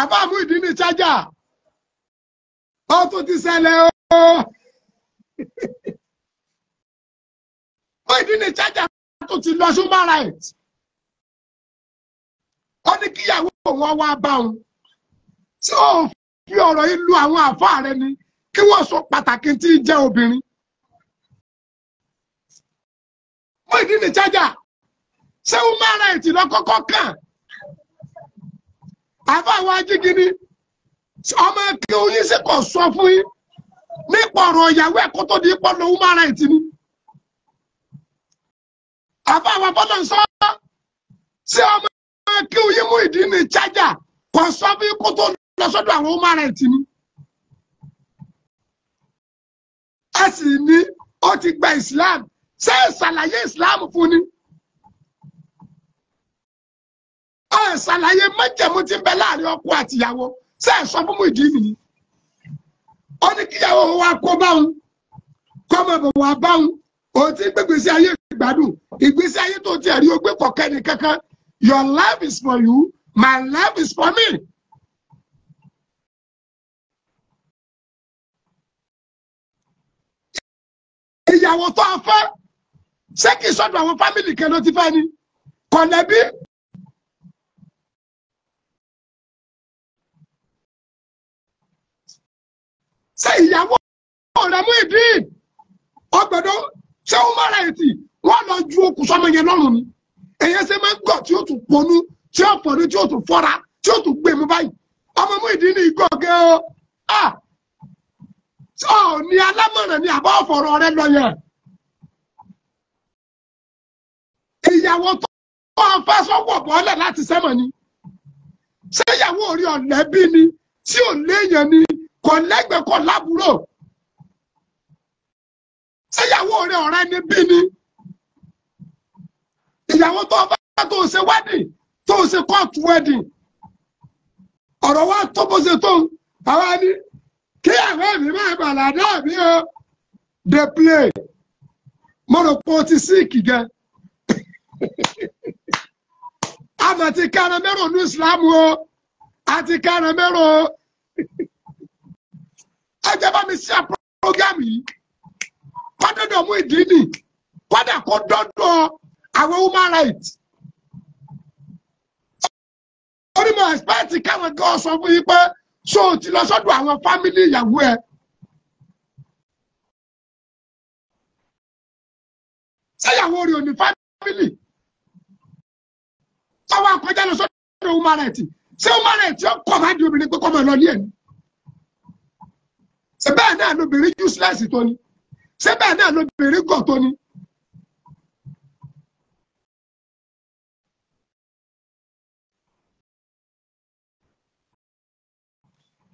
àbá mú ìdí ní chájà ó tún ti ṣẹlẹ̀ o mú ìdí ní chájà tó ti lọ human right ó ní kíyàwó wọn wá bá òun tí ó fi ọ̀rọ̀ yìí lu àwọn àfáà rẹ ni kí wọ́n sọ pàtàkì tí ń jẹ́ obìnrin. mú ìdí ní chájà ṣé human right lọ kọ́kọ́ kàn àbá àwọn ajígini ọmọ ẹkẹ oyin sì kò sọ fún yín nípa ọ̀rọ̀ ìyàwó ẹ̀kọ́ tó di ipò lòun máa ra ìtì ni àbá àwọn bọ́lá ń sọ sí ọmọ ẹkẹ oyin mú ìdí ní chájà kò sọ fún ikú tó lọ sọ́dọ̀ àwọn ọmọ ara ìtì ni a sì ní ó ti gba Islam ṣé ìṣàlàyé Islam fún ni. ẹ ṣàlàyé májẹ̀mú bẹ láàrin ọkọ àtìyàwó ṣe é sọ fún ìdí nìyí ó ní kíyàwó wa kó báwọn kọ́mọ̀bọ̀ wà báwọn òun gbégbèsè ayé ìgbádùn ìgbésí ayé tó ti ẹ̀rí ogbé kọ̀ọ̀kẹ́ ni kankan your life is for you my life is for me. ìyàwó tó a fẹ́ ṣé kìí sọ́dọ̀ àwọn fámìlì kan ló ti fẹ́ ni kọ̀nẹ́bí ṣé ìyàwó rẹ mú ìdí ọgbẹdọ ṣé ó mọra ètì wọn lọ ju okùn sọmọ yẹn lọ́rùn ni èyí ṣe máa ń gọ tí ó tún ponú tí ó fọnú tí ó tún fọra tí ó tún gbé mu báyìí ọmọ mú ìdí ní ìgò ọgẹ o a ọ ní alámọ̀ràn ni àbá ọ̀fọ̀rọ̀ rẹ lọ yẹn ìyàwó tó wọn fẹ́ sọ́wọ́ bọ́ọ̀lẹ̀ láti sẹ́mọ̀ ni ṣé ìyàwó orí ọ̀lẹ́bí ni tí ò léèyàn ni kò lẹ́gbẹ̀ẹ́ kò lábúrò ṣéyàwó rẹ ọ̀rẹ́ ni bí ni ìyàwó tó bá tó ṣe wedding tó ṣe court wedding ọ̀rọ̀ wa tó bó ṣe tó àwa ni kí àwọn èmi máa bàlàdà mi o dey play mo rò pé o ti síìkì gẹ àmọ̀ ti kára mẹ́rọ̀ ní Islam o àti kára mẹ́rọ̀ o kẹ́ bá mi sí àpọ́gàmù yìí kọ́dọ̀dọ̀ mú ìdí nì kọ́dà kó dọ́dọ̀ àwọn human rights onímọ̀ ẹ̀sìpẹ́ẹ̀tì káwọn gan sọ fún yín pé so ti lọ sọ́dọ̀ àwọn fámìlì ìyàwó ẹ̀. sẹ́yàwó rẹ̀ ò ní fámìlì tọ́wọ́ akọjá lọ sọ́dọ̀ human rights ṣé human rights yóò kọ́ máa di obìnrin pé kọ́ máa lọ ní ẹ̀mí ṣé bẹ́ẹ̀ náà lóbìnrin useless tó ni ṣé bẹ́ẹ̀ náà lóbìnrin gọ̀ tó ni.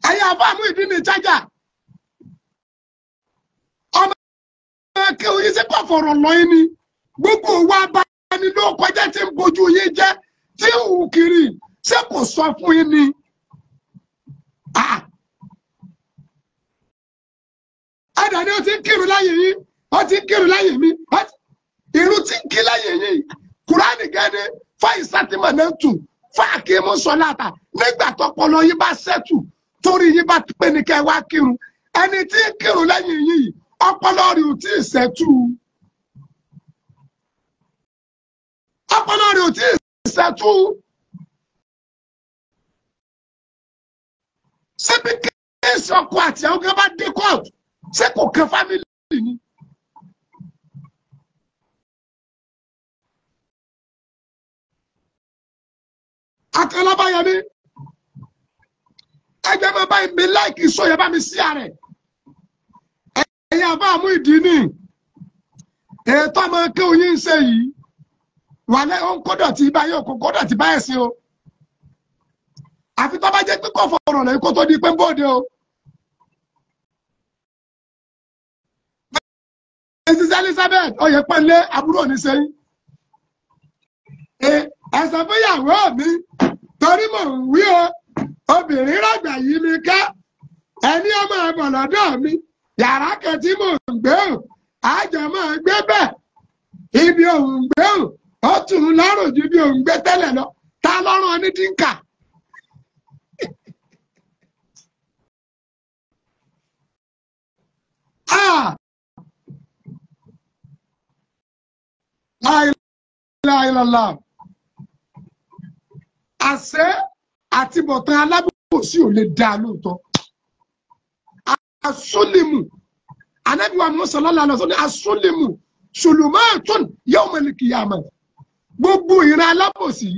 ẹ̀yin àfáàmù ìdí ni chájà ọmọ kí oyin sí kò fọ̀rọ̀ lọ́yìn ni gbogbo owó abáni ló kọjá tí ń bójú yín jẹ́ tí ń hù kiri ṣé kò sọ fún yín ni. padà ní ó ti ń kírun láyè yín ó ti kírun láyè mi irun ti ń kí láyè yín kúránì gẹ́ni fáìsátìmọ̀ náà tù fáàkì mú sọ́láta nígbà tọpọlọ yín bá ṣẹ́tù torí yín bá pè ní kẹ́ wá kírun ẹni tí ń kírun lẹ́yìn yìí ọpọlọ rẹ̀ ò tí ì ṣẹ́tù. ọpọlọ rẹ̀ ò tí ì ṣẹ́tù. síbi kí ẹ̀sìn ọkọ̀ àti àwọn kan bá dé kóòtù ṣé kò kan fámìlì ni. akalabayami ẹgbẹ́ bá báyìí mi láìkì sọ yẹ bá mi sí ààrẹ ẹ̀yà bá mú ìdí ni ètò ọmọ ẹkẹ oyin ń ṣe yìí wà lẹ́ ó ń kọ́dọ̀ tí ibà yóò kó kọ́dọ̀ tí báyẹ̀ sí o àfi tó bá jẹ́ pé kò fọ̀rọ̀ lẹ́yìn kó tó di pé ń bóde o mrs elizabeth Oyepanle àbúrò oníṣẹ́yìn ẹ̀sán fúnyàwó mi torí mò ń wí o obìnrin rọ̀gbà yìí mi ká ẹni ọmọ ẹ̀bọ̀ yàrá kan tí mò ń gbé o àjọ máa gbé bẹ́ẹ̀ ibi illallah àṣẹ àtibọ̀tán alábòsí ò lè dá lóòótọ́ asólèmù anábìwá mọ́sálálà lọ́sọ́ ní asólèmù sùlùmọ́ọ̀tún yóò mọ̀lẹ́kì yàmọ̀ gbogbo ìran alábòsí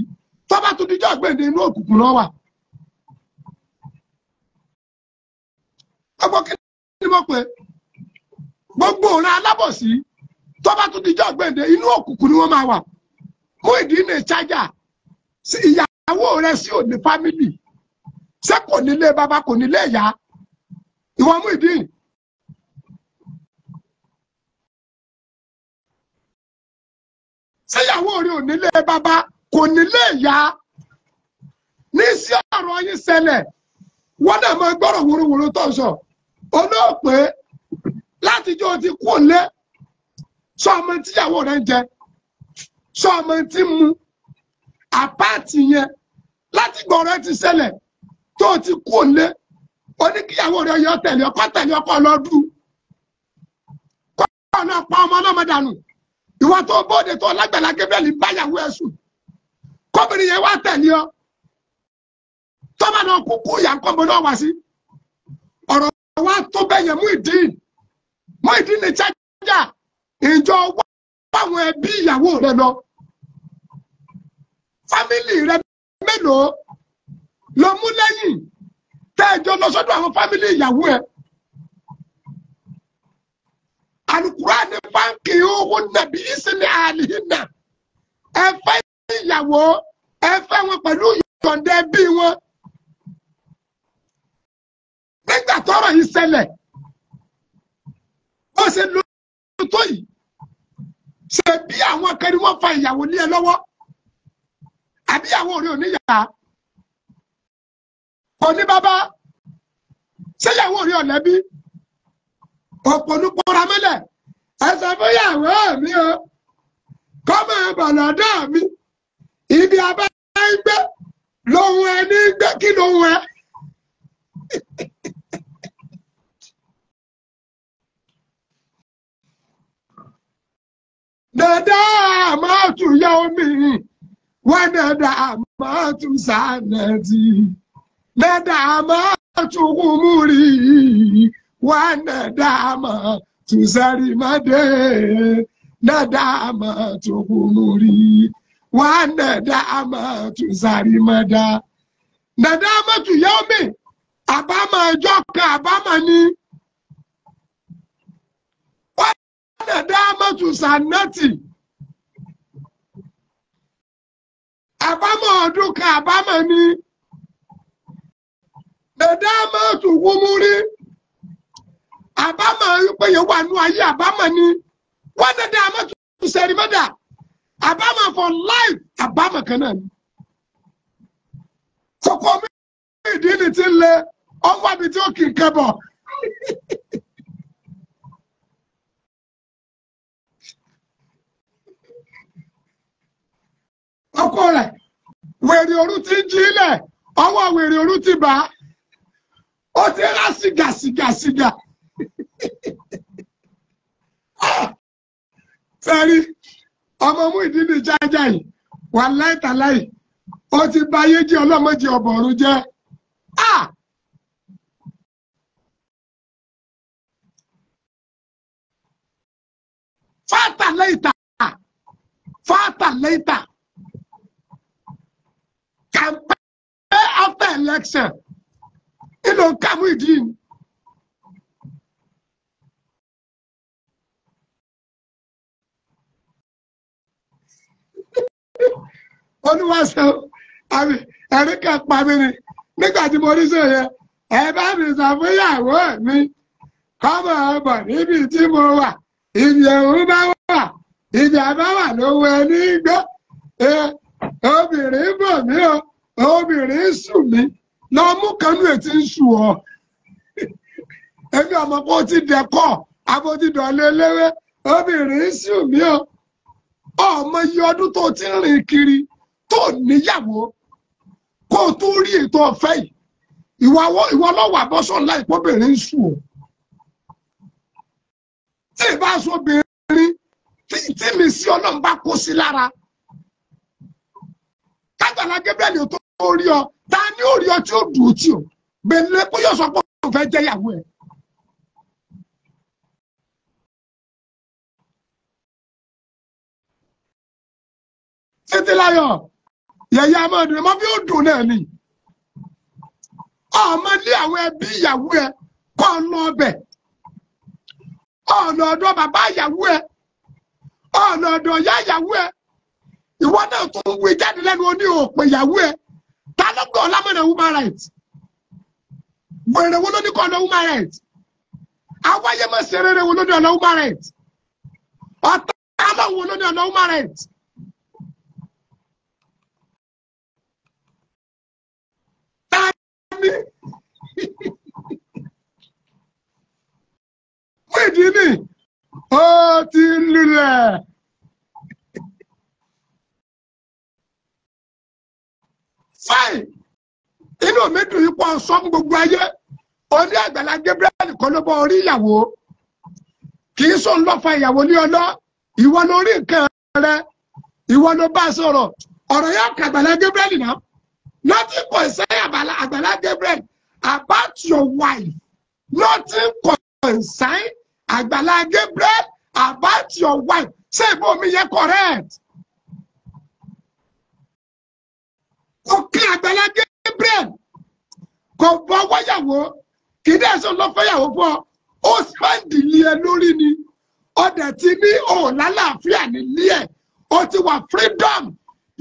tọ́ba tó dijọ́ àgbẹ̀dẹ inú òkùnkùn náà wà. gbogbo kí ni mo pè gbogbo ìran alábòsí tọ́ba tó dijọ́ àgbẹ̀dẹ inú òkùnkùn ni wọ́n máa wà. Muyideen chájà ìyàwó rẹ sí òní fámìlì ṣé kò nílé bàbá kò nílé ìyá ìwọ Muyideen. ṣéyàwó rẹ ò nílé bàbá kò nílé ìyá ní sí ọ̀rọ̀ yín ṣẹlẹ̀ wọ́n náà máa gbọ́rọ̀ wúruwúru tó ń sọ olóòpè látijọ́ ti kú òǹlé sọ ọmọ tíyàwó rẹ ń jẹ sọ ọmọ tí ń mu àpáàtì yẹn láti gbọ̀rọ̀ ti ṣẹlẹ̀ tó ti kú òlé oníkíyàwó rẹ̀ yọ tẹ̀lé ọkọ tẹ̀lé ọkọ lọ́dún kọ́ ọ̀nà pa ọmọ náà mọ̀dànù ìwọ tó bóde tó lágbàlá Gabriel báyàwó ẹ̀ sùn kọ́bìnrin yẹn wá tẹ̀lé ọ tọ́ba náà kúkú ìyá náà wá sí ọ̀rọ̀ wa tó bẹ̀yẹ̀ Muyideen Muyideen ní chájà ìjọ wá àwọn ẹbí ìyàwó rẹ lọ fámìlì rẹ mélòó ló mú lẹ́yìn tẹ́ẹ̀jọ lọ sọ́dọ̀ àwọn fámìlì ìyàwó ẹ alukura ni fáńkì òhun nàbí ìsinmi àlìhìnà ẹ fẹ́ ìyàwó ẹ fẹ́ wọn pẹ̀lú ìyọ̀ǹda ẹbí wọn nígbà tọ́rọ̀ yìí ṣẹlẹ̀ ó ṣe lóòótọ́ yìí ṣe bí àwọn kan ni wọ́n fa ìyàwó lé ẹ lọ́wọ́ àbí àwọn òré oníyàrá oníbàbá ṣéyàwó òré ọ̀lẹ́bí òpònúpọ̀ra mẹ́lẹ̀ ẹsẹ̀ fúnyàwó mi o kọ́ máa bọ̀ lọ́dọ̀ mi ibi abá ń gbé lòun ẹ ní gbé kí lòun ẹ. dada máa tún yá omi wá dada máa tún sànàtì dada máa tún kùmùrì wá dada máa tún sàrìmàdé dada máa tún kùmùrì wá dada máa tún sàrìmàdá dada máa tún yá omi àbámọ̀ ni. nadamatu sanati Abama ọdún abama ni nadamatu wúmúrí àbámọ̀ pé yẹn wà nú ayé abama ni wọ́n nadamatu serimada? Abama for life Abama kan náà ni. kókó mi ìdí ni ti ń lé ọwọ́ mi tí ọkọ rẹ̀ wèrè òru ti jílẹ̀ ọwọ́ wèrè òru ti bá ó ti rá sìgá sìgá sìgá sẹ́rí ọmọ mú ìdí ní jájá yìí wà láìtàláì ó ti bá ayé jẹ́ ọlọ́mọdé ọ̀bọ̀rún jẹ́ fátà lẹ́yìn fátà lẹ́yìn campaign after election you ilo kamu idin. oníwàṣẹ àmì ẹ̀rí kan pa mí ni nígbà tí mo rí sèyẹ ẹ bá mi sọ fún ìyàwó mi kọ́mọ̀ ọbọ̀ níbi tí mo wà ìyẹ̀wò bá wà ìjà bá wà lówó ẹni gbọ́ obìnrin bò mí o obìnrin sùn mí lọ mú kanú ètí ń sùn ọ èmi ọmọ kó ti dẹkọ abodidọlẹ lẹwẹ obìnrin sùn mí ọ ọmọ iye ọdún tó ti ń rìn kiri tó níyàwó kó o tó rí ètò ọ̀fẹ́ yìí ìwọ lọ́wọ́ àbọ́sọ̀ láì pọ́bìnrin ń sùn o tí ì bá sóbìnrin tí mi sí ọlọ́run bá kó sí lára tágbàlá Gabriel tó ó rí ọ ta ni ó rí ọ tí ó dùn ó tì ọ bẹ̀rẹ̀ bóyá sọ pé ó fẹ́ jẹ́ ìyàwó ẹ̀. títí láyọ̀ yẹ̀yẹ́ amọ̀dún mọ́ bí ó dùn náà ni ọmọ ní àwọn ẹbí ìyàwó ẹ kọ́ ọ̀nà ọbẹ̀ ọ̀nà ọ̀dọ̀ bàbá ìyàwó ẹ ọ̀nà ọ̀dọ̀ ìyá ìyàwó ẹ ìwọ náà tó ń wí jáde lẹ́nu oní òpè ìyàwó ẹ ta ló gbọ́ lámọ̀nà human rights wèrè wo ló ní kọ́ ọ̀nà human rights awáyé mọ̀ sí rere wo ló ní ọ̀nà human rights ọ̀tá alọ́wọ́ wo ló ní ọ̀nà human rights. Wíìdì ni ó ti lulẹ̀. fine inú mi dùn yìí pọ̀ sọ fún gbogbo ayé orí Àgbàlá Gabriel kan ló bọ orí ìyàwó kì í sóun lọ́fà ìyàwó ní ọlọ́ ìwọ ló rí nǹkan rẹ ìwọ ló bá sọ̀rọ̀ ọ̀rọ̀ yóò kà Àgbàlá Gabriel náà nothing concern Àgbàlá Gabriel about your wife nothing concern Àgbàlá Gabriel about your wife ṣé ìbomi yẹn correct. ọkàn Àgbàlá Gabriel kò bọ́ wáyàwó kì í dẹ̀ sọ lọ́fẹ́yàwó ó sáǹdì lé ẹ lórí ni ọdẹ ti ní òòlà láàfíà nílé ẹ o ti wà freedom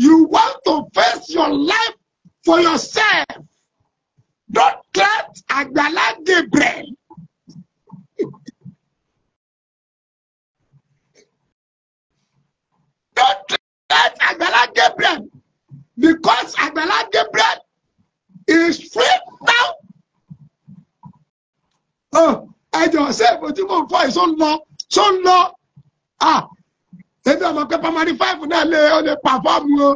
you want to face your life for yourself. náà lè ó lè pàfọ́ọ̀mù o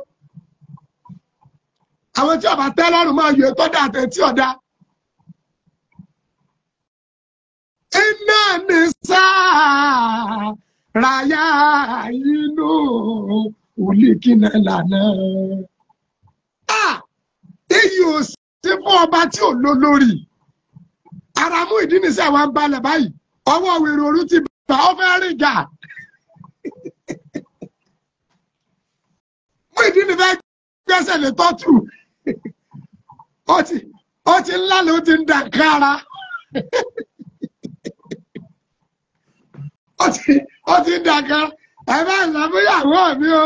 àwọn tí ọba tẹ́ lọ́rùn máa yọ ètò ọ̀dà àti etí ọ̀dà. iná ní sáà ráyà inú òlìkínà lànà. a èyí ò sí fún ọba tí ò lọ lórí ara ìdí nìṣẹ́ wa ń balẹ̀ báyìí ọwọ́ wèrè òru ti bá ọ fẹ́ rìn jà. Muyideen fẹ́ gbẹ́sẹ̀ lé tọ́tù ó ti ńlá ló ti ń dà kára ó ti ń dà kára ẹ bá ìsàmúyàwó mi o.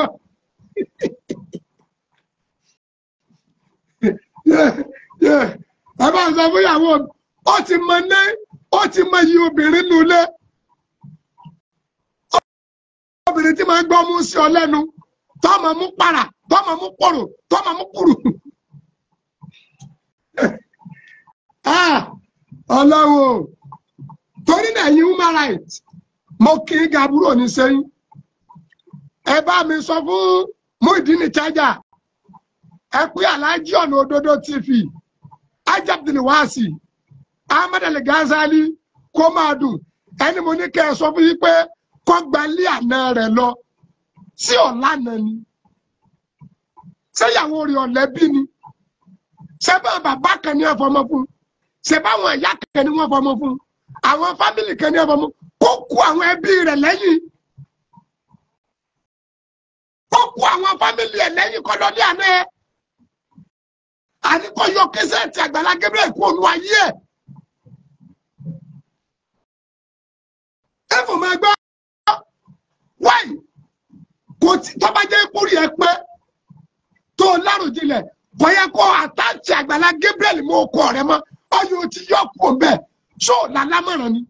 ẹ bá ìsàmúyàwó mi ó ti mọ ní ó ti mọ iye obìnrin nulẹ̀ obìnrin tí máa gbọ́ mú sí ọ lẹ́nu. tọmọmụ mú para tọ́mọ mú kòrò tọ́mọ mú kùrù. Ah, ọlọ́wọ́ torí na yìí human rights mo kì í ga búrò ní sẹ́yìn ẹ bá mi sọ fún Muyideen chaja ẹ pé aláàjì ọ̀nà òdodo tv ajabdulwasi ahmed al gazali kó máa dùn ẹni mo ní ẹ sọ fún yín pé kó àná rẹ̀ lọ sí ọ̀lànà ni sẹ́yàwó rẹ̀ ọ̀lẹ́bí ni sẹ́bà bàbá kan ní ọ̀fọ̀mọ fún sẹ́bà àwọn ìyá kan ní wọ́n fọmọ fún àwọn fámìlì kan ní ọ̀fọ̀mọ kó kú àwọn ẹbí rẹ̀ lẹ́yìn kó kú àwọn fámìlì ẹ̀ lẹ́yìn kọ́ lọ́dí àná ẹ̀ àníkọ́ yọ kẹsẹ̀ ti Àgbàlá Gabriel kú ònú ayé ẹ̀. ẹ̀fọ̀ máa gbọ́ wáyé. kò tí tó bá jẹ́ kórìí ẹ pé tó láròjinlẹ̀ bọ́yá kó àtàǹtì àgbàlá Gabriel mọ okò rẹ mọ ọyọ tí yọ kó bẹ́ẹ̀ tó làlámọ̀ràn ni.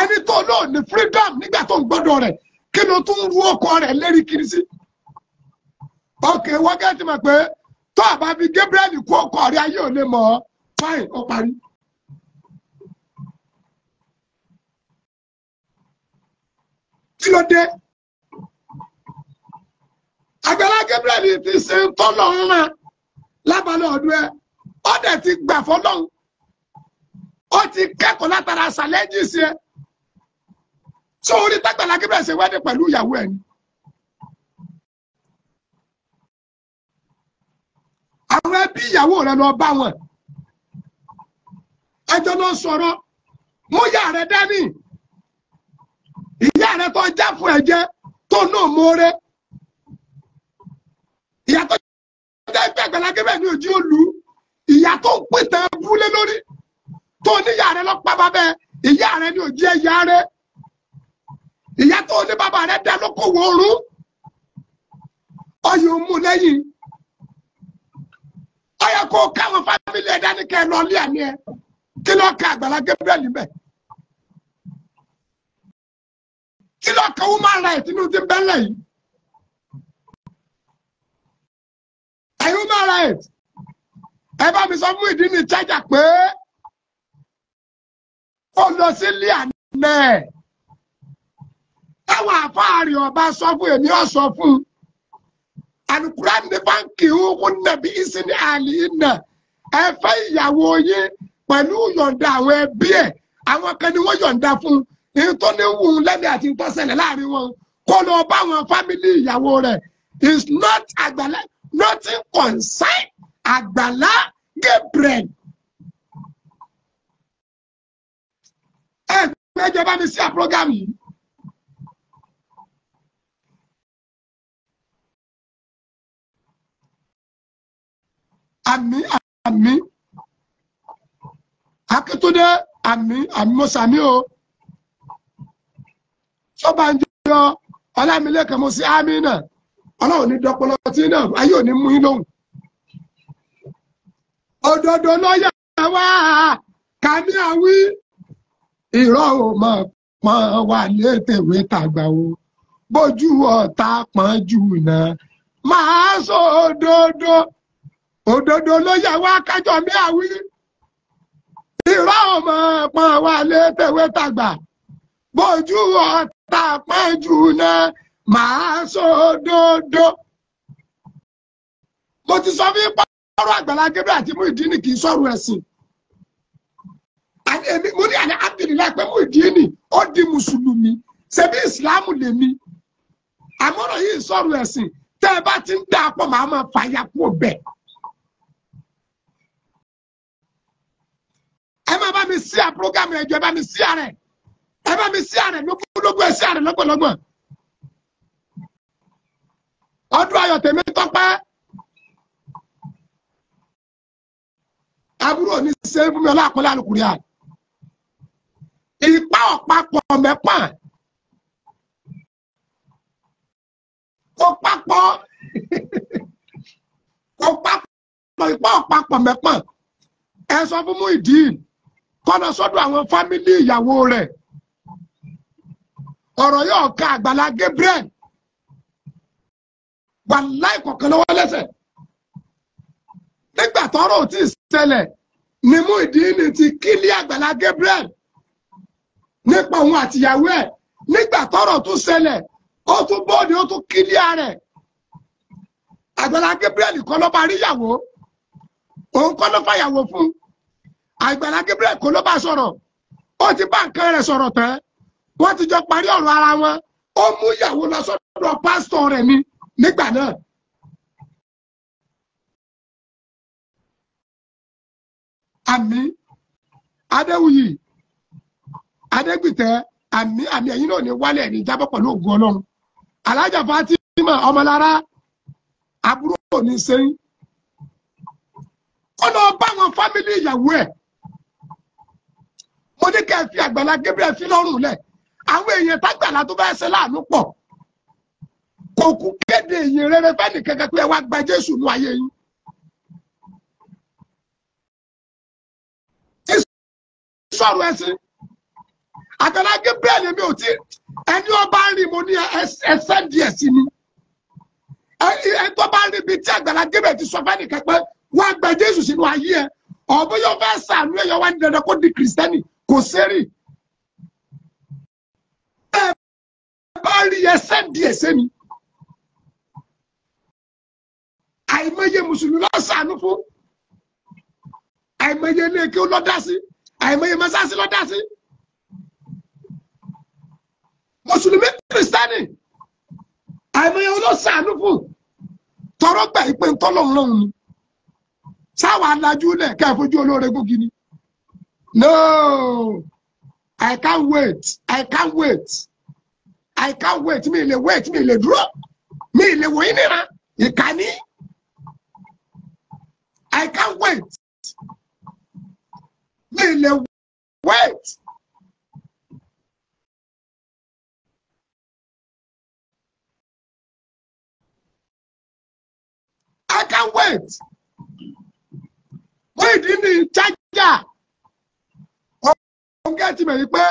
ẹni tó lò ní freedom nígbà tó ń gbọ́dọ̀ rẹ̀ kí ló tún ru okò rẹ̀ lérí kiri sí. ok wọ́n gẹ́tì mọ̀ pé tó àbá fi Gabriel kó okò rẹ̀ ayé ò lè mọ̀ ọ́ fáìn ó parí. kí ló dé Àgbàlá Gabriel ni ti ṣe ń tọ́ lọ́run rán lábàlẹ̀ ọ̀dún ẹ ó dẹ̀ ti gbà fọlọ́run ó ti kẹ́kọ̀ọ́ látara ṣàlẹ́jì sí ẹ tó orí tágbàlá Gabriel ṣe wẹ́dẹ̀ pẹ̀lú ìyàwó ẹ̀ ni. àwọn ẹbí ìyàwó rẹ lọ bá wọn ẹjọ́ ló sọ̀rọ̀ mú yà rẹ dání rẹ tó já fún ẹ jẹ tó náà mọ́ọ́rẹ́ ìyá tó jẹ́ ẹgbẹ́ àgbàlagbé bẹ́ẹ̀ ni ojú òlu ìyá tó ń pè tán búlé lórí tó níyà rẹ lọ́pàá bàbẹ́ ìyá rẹ ni òjì ẹ̀yà rẹ ìyá tó ní bàbá rẹ dá lókòwò ooru ọyọ mú lẹ́yìn ọyọ kó káwọn fámìlì ẹ̀dá ni kẹ́ ẹ lọ lé àní ẹ kí lọ́ọ́ ka àgbàlagbé bẹ́ẹ̀ níbẹ̀. kí ló kan human right inú ti bẹ́lẹ̀ yìí. human right ẹ bá pé ó lọ sí líànà ẹ ọba sọ fún èmi ọ sọ fún alukuran ní báńkì òun nàbí ìsìn àlì ìnà ẹ fẹ́ ìyàwó yín àwọn ìtò ní wù lẹ́mí àti ìtọ́sẹ̀lẹ̀ láàrin wọn kó lọ bá wọn fámìlì ìyàwó rẹ̀ is not àgbàlá nothing concern àgbàlá Gabriel. ẹ gbẹ́jọ bá mi sí à program yìí. àmì àmì Akíntúndé àmì àmì mọ́sàmí o. Ṣọ́bànjọ́ Ọlámilékan mo sí Amina ọlọ́run ní dọpọlọ tí náà ayé ò ní mú yín lóhùn. Òdodo lọ́yà wá kàmí àwí irọ́ ò mọ̀ pọ́n wà létèwé tàgbà o bójú ọ̀tá pọ́n jù náà máa sọ òdodo òdodo lọ́yà wá kájọ mi àwí irọ́ ò pọ́n wà létèwé tàgbà bójú ọ̀tá tàpá jù náà màá sódodo. mo ti sọ fún ipa ọ̀rọ̀ Àgbàlá Gabriel àti Muyideen kì í sọ̀rọ̀ ẹ̀sìn. èmi mo ní àná Abdullahi pé Muyideen ó di mùsùlùmí ṣebí ìsìláàmù lèmi. àmọ́rọ̀ yìí sọ̀rọ̀ ẹ̀sìn tẹ́ ẹ bá ti ń dà pọ̀ màá máa fàyà kúrò bẹ́ẹ̀. ẹ má bá mi sí àpúrógámù ẹjọ ẹ bá mi sí àrẹ ẹ bá mi sí àrẹ lógúnlógún ẹ sí àrẹ lọ́gbọ̀nlọ́gbọ̀n ọdún ayọ̀ tèmi tọ́pẹ́ àbúrò ní ṣe fún mi ọlọ́àpọ̀lá àlùkùrẹ́ à ìpá ọ̀pá pọ̀ mẹ́pà kò papọ̀ kò papọ̀ ìpá ọ̀pá pọ̀ mẹ́pà ẹ sọ fún Muyideen kọ́nà sọ́dọ̀ àwọn fámìlì ìyàwó rẹ̀ ọ̀rọ̀ yóò ka àgbàlá Gabriel wà láì kọ̀ọ̀kan lọ́wọ́ lẹ́sẹ̀ nígbà tọ́rọ̀ tí ì ṣẹlẹ̀ ni Muyideen ti kílí àgbàlá Gabriel nípa òun àtìyàwó ẹ̀ nígbà tọ́rọ̀ tún ṣẹlẹ̀ ó tún bóde ó tún kílí rẹ̀ àgbàlá Gabriel kọ́ ló bá rí ìyàwó òun kọ́ ló fàyàwó fún àgbàlá Gabriel kọ́ ló bá sọ̀rọ̀ ó ti bá nǹkan rẹ̀ sọ̀rọ̀ tán. wọ́n ti jọ parí ọ̀rọ̀ ara wọn ó mú ìyàwó lọ sọ́dọ̀ pásítọ̀ rẹ̀ ni nígbà náà. àmì adéwuyì adégbìtẹ́ àmì àmì ẹ̀yìn náà ní wálé ẹ̀rí jábọ̀ pẹ̀lú ògùn ọlọ́run alájà fatima ọmọlára àbúrò òní sẹ́yìn ó lọ bá àwọn fámìlì ìyàwó ẹ̀ mo ní kẹ́ ẹ fi Àgbàlá Gabriel fi lọ́rùn lẹ̀ àwọn èèyàn tágbàlá tó bá ṣe láàánú pọ̀ kò kú kéde èèyàn rere fẹ́ni kankan pé ẹ wá gba Jésù nú ayé yín. sọ̀rọ̀ ẹ̀sìn àtàlágé bẹ́ẹ̀ ni mi ò ti ẹni ọba ń rìn mo ní ẹsẹ̀ díẹ̀ sí mi ẹni tó bá ń rìn bíi tí Àgbàlá Gabriel ti sọ fẹ́ni kankan wá gba Jésù sínú ayé ẹ ọ̀bọ̀yọ̀ fẹ́ sàánú ẹ̀yọ̀ wá ní dandan kó di kìrìsìtẹ́nì kò sẹ́rìn. rí ẹsẹ̀ di ẹsẹ̀ àìmọye mùsùlùmí lọ́sàánú fún àìmọye ilé kí àìmọye mọ́sáàsì lọ́dá mùsùlùmí kìrìsìtánì àìmọye olóṣàánú fún tọrọ gbà ìpè ńtọ́lọ́hún ni sáwà lajú lẹ̀ kẹ́ fojú olóore gbógi ni no I can't wait I can't wait. I can't wait mi lè wait mi lè dúró mi lè wòye níra ìkànnì I can't wait mi lè wait. I can't wait. Wait Wíìdì ni chájà. Ọ̀gá ti mẹ̀ my pé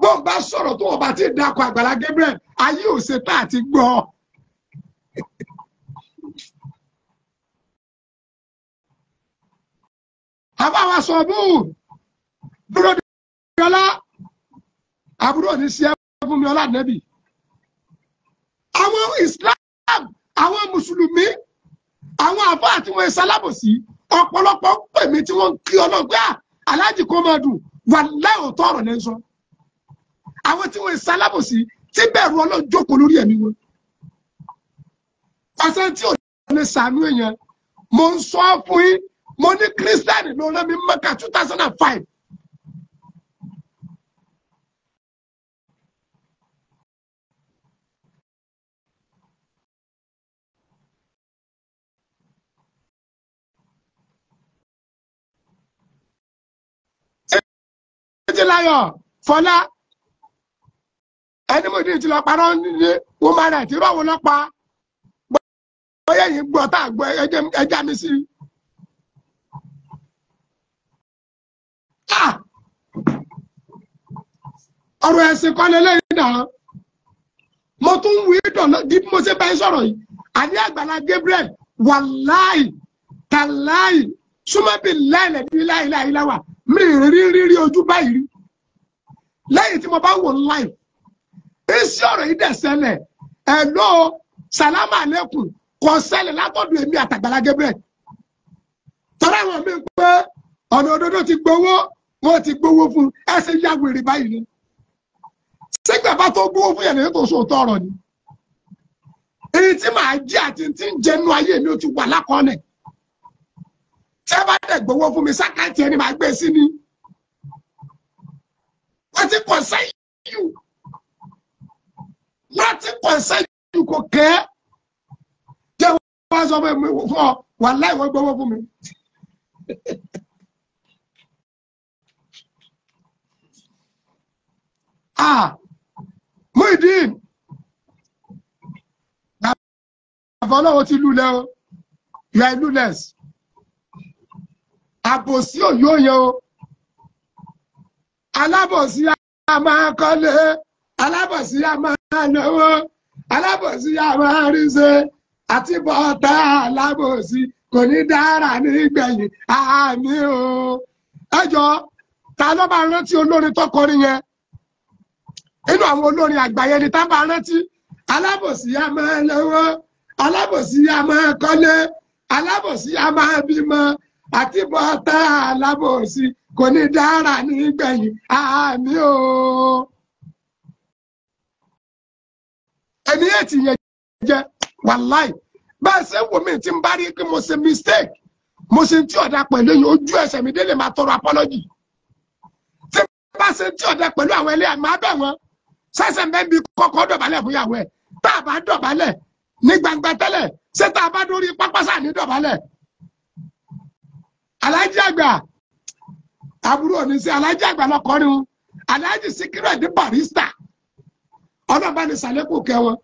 bó o bá sọ̀rọ̀ tó o bá ti dakọ̀ àgbàlá Gabriel ayé ò ṣe tá a ti gbọ́. àbá wa sọ bóò dúró de ọlá àbúrò ní sí ẹkún mi ọlá nẹ́bì. àwọn Islam àwọn mùsùlùmí àwọn àbá àti wọn ṣalábòsí ọ̀pọ̀lọpọ̀ pèmí tí wọ́n ń kí ọlọ́gbẹ́ ah, aláàjì kò máa dùn wà láì òótọ́ ọ̀rọ̀ lẹ́sọ̀ọ́ àwọn tí wọ́n ṣalábòsí tí bẹ̀rù Ọlọ́run jókòó lórí ẹ̀mí wọn pàṣẹ tí ò ní sànú èèyàn mo ń sọ fún yín mo ní kírísítẹ́nì ló rán mi Mẹ́kà two thousand and five. Fọlá ẹni mo ní ti lọ parọ́ ní woman right irọ́ wo lọ pa bóyá yìí gbọ́ tá a gbọ́ ẹja mi sí. Ah! ọ̀rọ̀ ẹ̀sìn kan lélẹ́yìn náà mo tún wí dọ̀nà bí mo ṣe bá yín sọ̀rọ̀ yìí àní Àgbàlá Gabriel wàláì tàláì súnmọ́bì láìlẹ̀ ní láìláìláwà mi rí rí rí ojú báyìí lẹ́yìn tí mo bá wò láì iṣẹ́ ọ̀rọ̀ yìí dẹ̀ ṣẹlẹ̀ ẹ̀lọ́ sàlámà àlékún kò ṣẹlẹ̀ látọ̀dọ̀ èmi àtàgbàlá Gabriel àwọn mi pé ọ̀nà òdodo ti gbowó wọn ti gbowó fún ẹ ṣe báyìí ni sígbà bá tó gbowó fún yẹn tó sòótọ́ ọ̀rọ̀ ni èyí tí màá jẹ́ àti tí ń jẹnu ayé mi ó ti wà lákọ́ọ̀lẹ̀ tí ẹ bá dẹ̀ gbowó fún mi sákàtì ẹni màá gbé e sí ni wọ́n ti kọ̀ sẹ́yìn yìí nothing concern you kò kẹ́ jẹ́ wọ́n sọ fún mi fún ọ wà láì wọ́n gbọ́wọ́ fún mi. ah Muyideen àfọlọ́wọ́ ti lulẹ̀ o you are luless àbòsí òyò yẹn o alábòsí a máa kọ́lé alábòsí a máa máa náwó alábòsí a máa rí ṣe àti bọ́ọ̀tà alábòsí kò ní dára nígbẹ̀yìn àmì o. ẹ jọ ta ló máa rántí olórin tó kọrin yẹn inú àwọn olórin àgbáyé ni tá bá rántí alábòsí a máa náwó alábòsí a máa kọ́lé alábòsí a máa bímọ àti alábòsí kò ní dára nígbẹ̀yìn àmì o. ẹ̀mí ètì yẹn jẹ́ wàláì bẹ́ẹ̀ ṣe wò mí tí n bá rí i pé mo ṣe mistake mo ṣe tí ọ̀dà pẹ̀lú yìí ojú ẹsẹ̀ mi délé máa tọrọ apology tí n bá ṣe tí ọ̀dà pẹ̀lú àwọn ẹlẹ́yà máa bẹ̀ wọ́n sẹ́sẹ̀ ń bẹ́ bí kọ́kọ́ dọ̀bálẹ̀ fún ìyàwó ẹ̀ tá a bá dọ̀bálẹ̀ ní gbangba tẹ́lẹ̀ ṣé tá a bá dórí pápásá ní dọ̀bálẹ̀ alájí àgbà àbúrò ní sí alájí àgbà lọkọrin alájí síkírẹ̀tì barista ọlọ́ba ní sàlékù kẹwọn.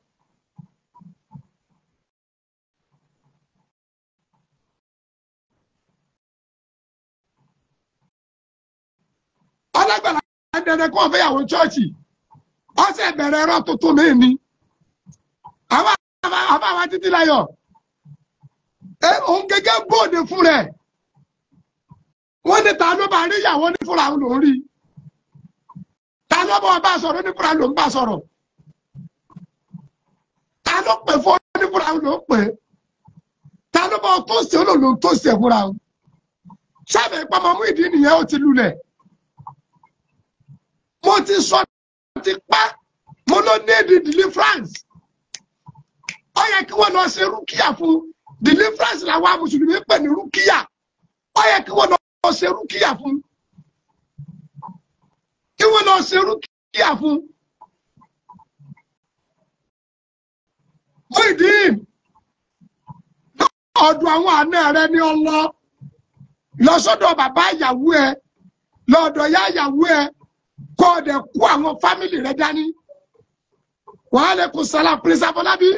ọlọ́gbàlá dandan kó o fẹ́ yàwó chọ́ọ̀chì ọ̀sẹ̀ bẹ̀rẹ̀ ẹ̀rọ tuntun mi ni àwọn àbáwá títí láyọ̀ òun gẹ́gẹ́ bóde fún rẹ̀ wọ́n ní ta ló bá rí ìyàwó ní fúnra lòún rí ta ló bá ọba sọ̀rọ̀ ní lòún bá sọ̀rọ̀ ló pè fún ní fúnra ló pè ta ló bá tó ṣe olóòlù tó ṣe fúnra o sábẹ pàmò mú ìdí nìyẹn ó ti lulẹ̀ mo ti sọ ti pa mo ló ní èdè deliverance ó yẹ kí wọn lọ ṣe rúkìá fún deliverance làwọn mùsùlùmí pè ní rúkìá ó yẹ kí wọn lọ ṣe rúkìá fún kí wọn lọ ṣe rúkìá fún. Muideen ọ̀dọ̀ àwọn àna rẹ ni ọ lọ lọ sọ́dọ̀ bàbá ìyàwó ẹ lọ́dọ̀ ya ìyàwó ẹ kọ́ ọ dẹ̀ kó àwọn fámìlì rẹ dání wàhálẹ̀ kò sálà pírísà fọlábí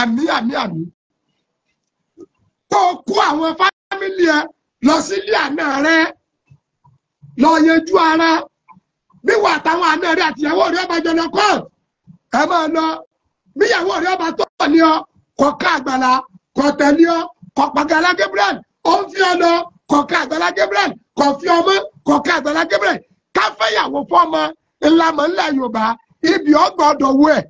àmì àmì àmì kó o kó àwọn fámìlì ẹ lọ sílé àna rẹ lọ yẹjú ara bí wà táwọn àna rẹ àtìyàwó rẹ bá jọ lọ kọ́ọ̀tù ẹ máa lọ bíyàwó rẹ ọba tó ní ọ kọ ká àgbàlá kọ tẹ̀lé ọ kọ pàgàlá Gabriel ó ń fi ọ lọ kọ ká àgbàlá Gabriel kọ fi ọmọ kọ ká àgbàlá Gabriel káfẹ́yàwó fọ́mọ ńlá mọ̀ ńlá Yorùbá ibi ọgbọ́dọ̀ wú ẹ̀.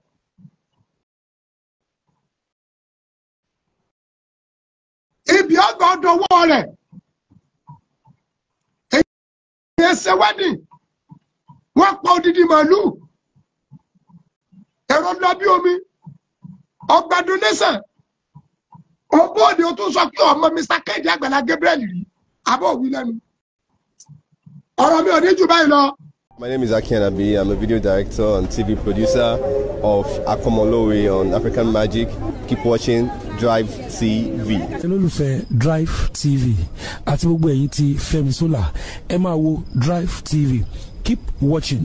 ibi ọgbà ọdọwọ rẹ èyí ẹsẹ wẹdìn wọn pa odidi màálù ẹ̀rọ ńlá bí omi ọgbà donation ọgbọ́n òde o tún sọ pé ọmọ Mr Kéde Àgbàlá Gabriel rí abọ́ òwú lẹ́nu ọ̀rọ̀ mi ò ní jù báyìí lọ. My name is Aki Anabi. I'm a video director and TV producer of Akomolowe on African Magic. Keep watching Drive TV. Olólùfẹ́ Drive TV àti gbogbo ẹ̀yin ti Fẹ́mi Sola ẹ máa wo Drive TV. Keep watching.